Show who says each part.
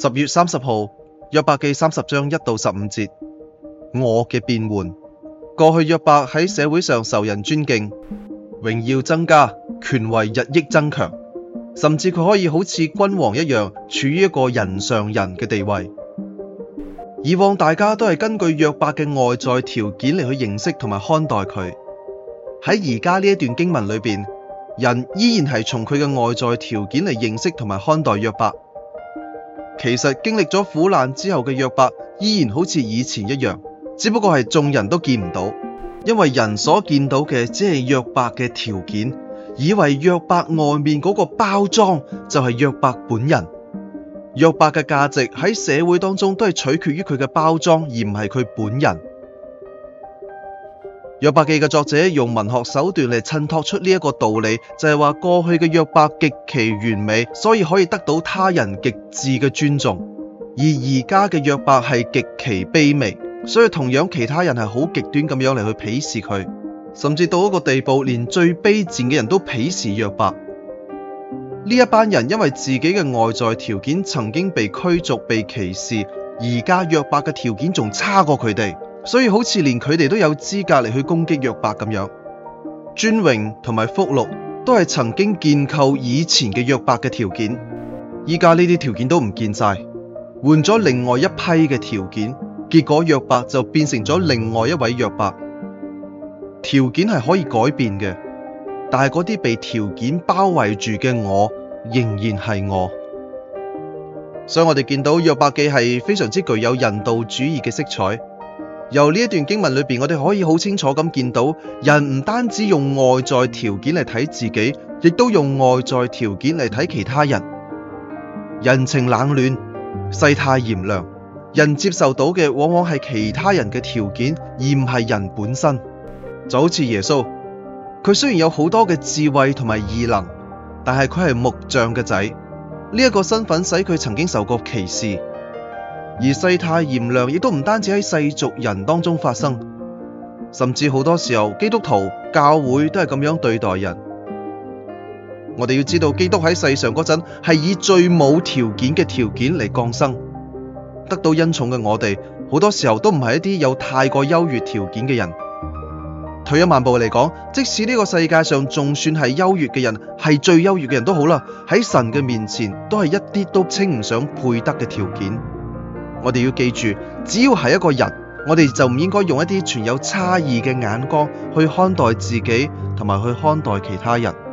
Speaker 1: 十月三十號，約伯記三十章一到十五節，我嘅變換。過去約伯喺社會上受人尊敬，榮耀增加，權位日益增強，甚至佢可以好似君王一樣，處於一個人上人嘅地位。以往大家都係根據約伯嘅外在條件嚟去認識同埋看待佢。喺而家呢段經文裏面，人依然係從佢嘅外在條件嚟認識同埋看待約伯。其實經歷咗苦難之後嘅約伯，依然好似以前一樣，只不過係眾人都見唔到，因為人所見到嘅只係約伯嘅條件，以為約伯外面嗰個包裝就係約伯本人。約伯嘅價值喺社會當中都係取決於佢嘅包裝，而唔係佢本人。《約伯記》嘅作者用文學手段嚟襯托出呢一個道理，就係話過去嘅約伯極其完美，所以可以得到他人極致嘅尊重；而而家嘅約伯係極其卑微，所以同樣其他人係好極端咁樣嚟去鄙視佢，甚至到一個地步，連最卑賤嘅人都鄙視約伯。呢一班人因為自己嘅外在條件曾經被驅逐、被歧視，而家約伯嘅條件仲差過佢哋。所以好似連佢哋都有資格嚟去攻擊約伯咁樣，尊榮同埋福禄都係曾經建構以前嘅約伯嘅條件，依家呢啲條件都唔見晒，換咗另外一批嘅條件，結果約伯就變成咗另外一位約伯。條件係可以改變嘅，但係嗰啲被條件包圍住嘅我，仍然係我。所以我哋見到約伯記係非常之具有人道主義嘅色彩。由呢段經文裏面，我哋可以好清楚咁見到，人唔單止用外在條件嚟睇自己，亦都用外在條件嚟睇其他人。人情冷暖，世態炎涼，人接受到嘅往往係其他人嘅條件，而唔係人本身。就好似耶穌，佢雖然有好多嘅智慧同埋異能，但係佢係木匠嘅仔，呢一個身份使佢曾經受過歧視。而世態炎涼亦都唔單止喺世俗人當中發生，甚至好多時候基督徒、教會都係咁樣對待人。我哋要知道，基督喺世上嗰陣係以最冇條件嘅條件嚟降生，得到恩寵嘅我哋好多時候都唔係一啲有太過優越條件嘅人。退一萬步嚟講，即使呢個世界上仲算係優越嘅人，係最優越嘅人都好啦，喺神嘅面前都係一啲都稱唔上配得嘅條件。我哋要記住，只要係一個人，我哋就唔應該用一啲存有差異嘅眼光去看待自己，同埋去看待其他人。